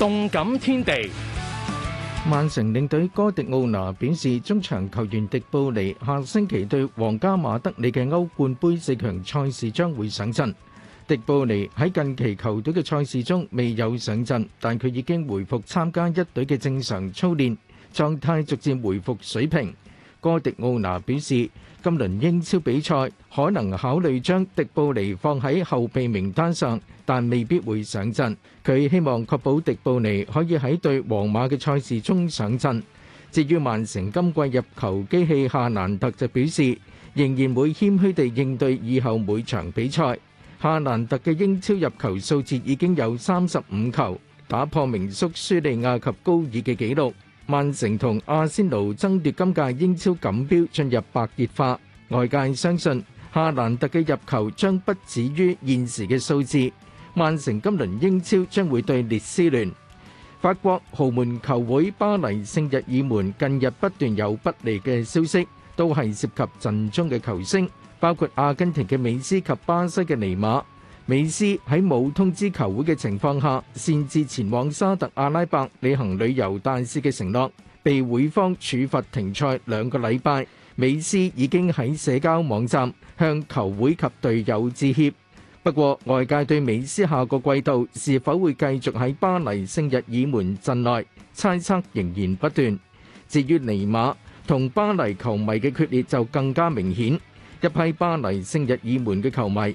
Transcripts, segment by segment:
動感天地，曼城領隊哥迪奧拿表示，中場球員迪布尼下星期對皇家馬德里嘅歐冠盃四強賽事將會上陣。迪布尼喺近期球隊嘅賽事中未有上陣，但佢已經回復參加一隊嘅正常操練，狀態逐漸回復水平。哥迪奧拿表示，今輪英超比賽可能考慮將迪布尼放喺後備名單上，但未必會上陣。佢希望確保迪布尼可以喺對皇馬嘅賽事中上陣。至於曼城今季入球機器夏蘭特就表示，仍然會謙虛地應對以後每場比賽。夏蘭特嘅英超入球數字已經有三十五球，打破名宿舒利亞及高爾嘅紀錄。曼城同阿仙奴爭奪今屆英超錦標進入白熱化，外界相信夏蘭特嘅入球將不止於現時嘅數字。曼城今輪英超將會對列斯聯。法國豪門球會巴黎聖日耳門近日不斷有不利嘅消息，都係涉及陣中嘅球星，包括阿根廷嘅美斯及巴西嘅尼馬。美斯喺冇通知球會嘅情況下，擅自前往沙特阿拉伯履行旅遊大使嘅承諾，被會方處罰停賽兩個禮拜。美斯已經喺社交網站向球會及隊友致歉。不過外界對美斯下個季度是否會繼續喺巴黎聖日耳門陣內猜測仍然不斷。至於尼瑪同巴黎球迷嘅決裂就更加明顯，一批巴黎聖日耳門嘅球迷。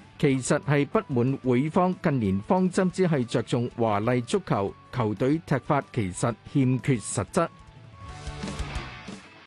其實係不滿會方近年方針只係着重華麗足球，球隊踢法其實欠缺實質。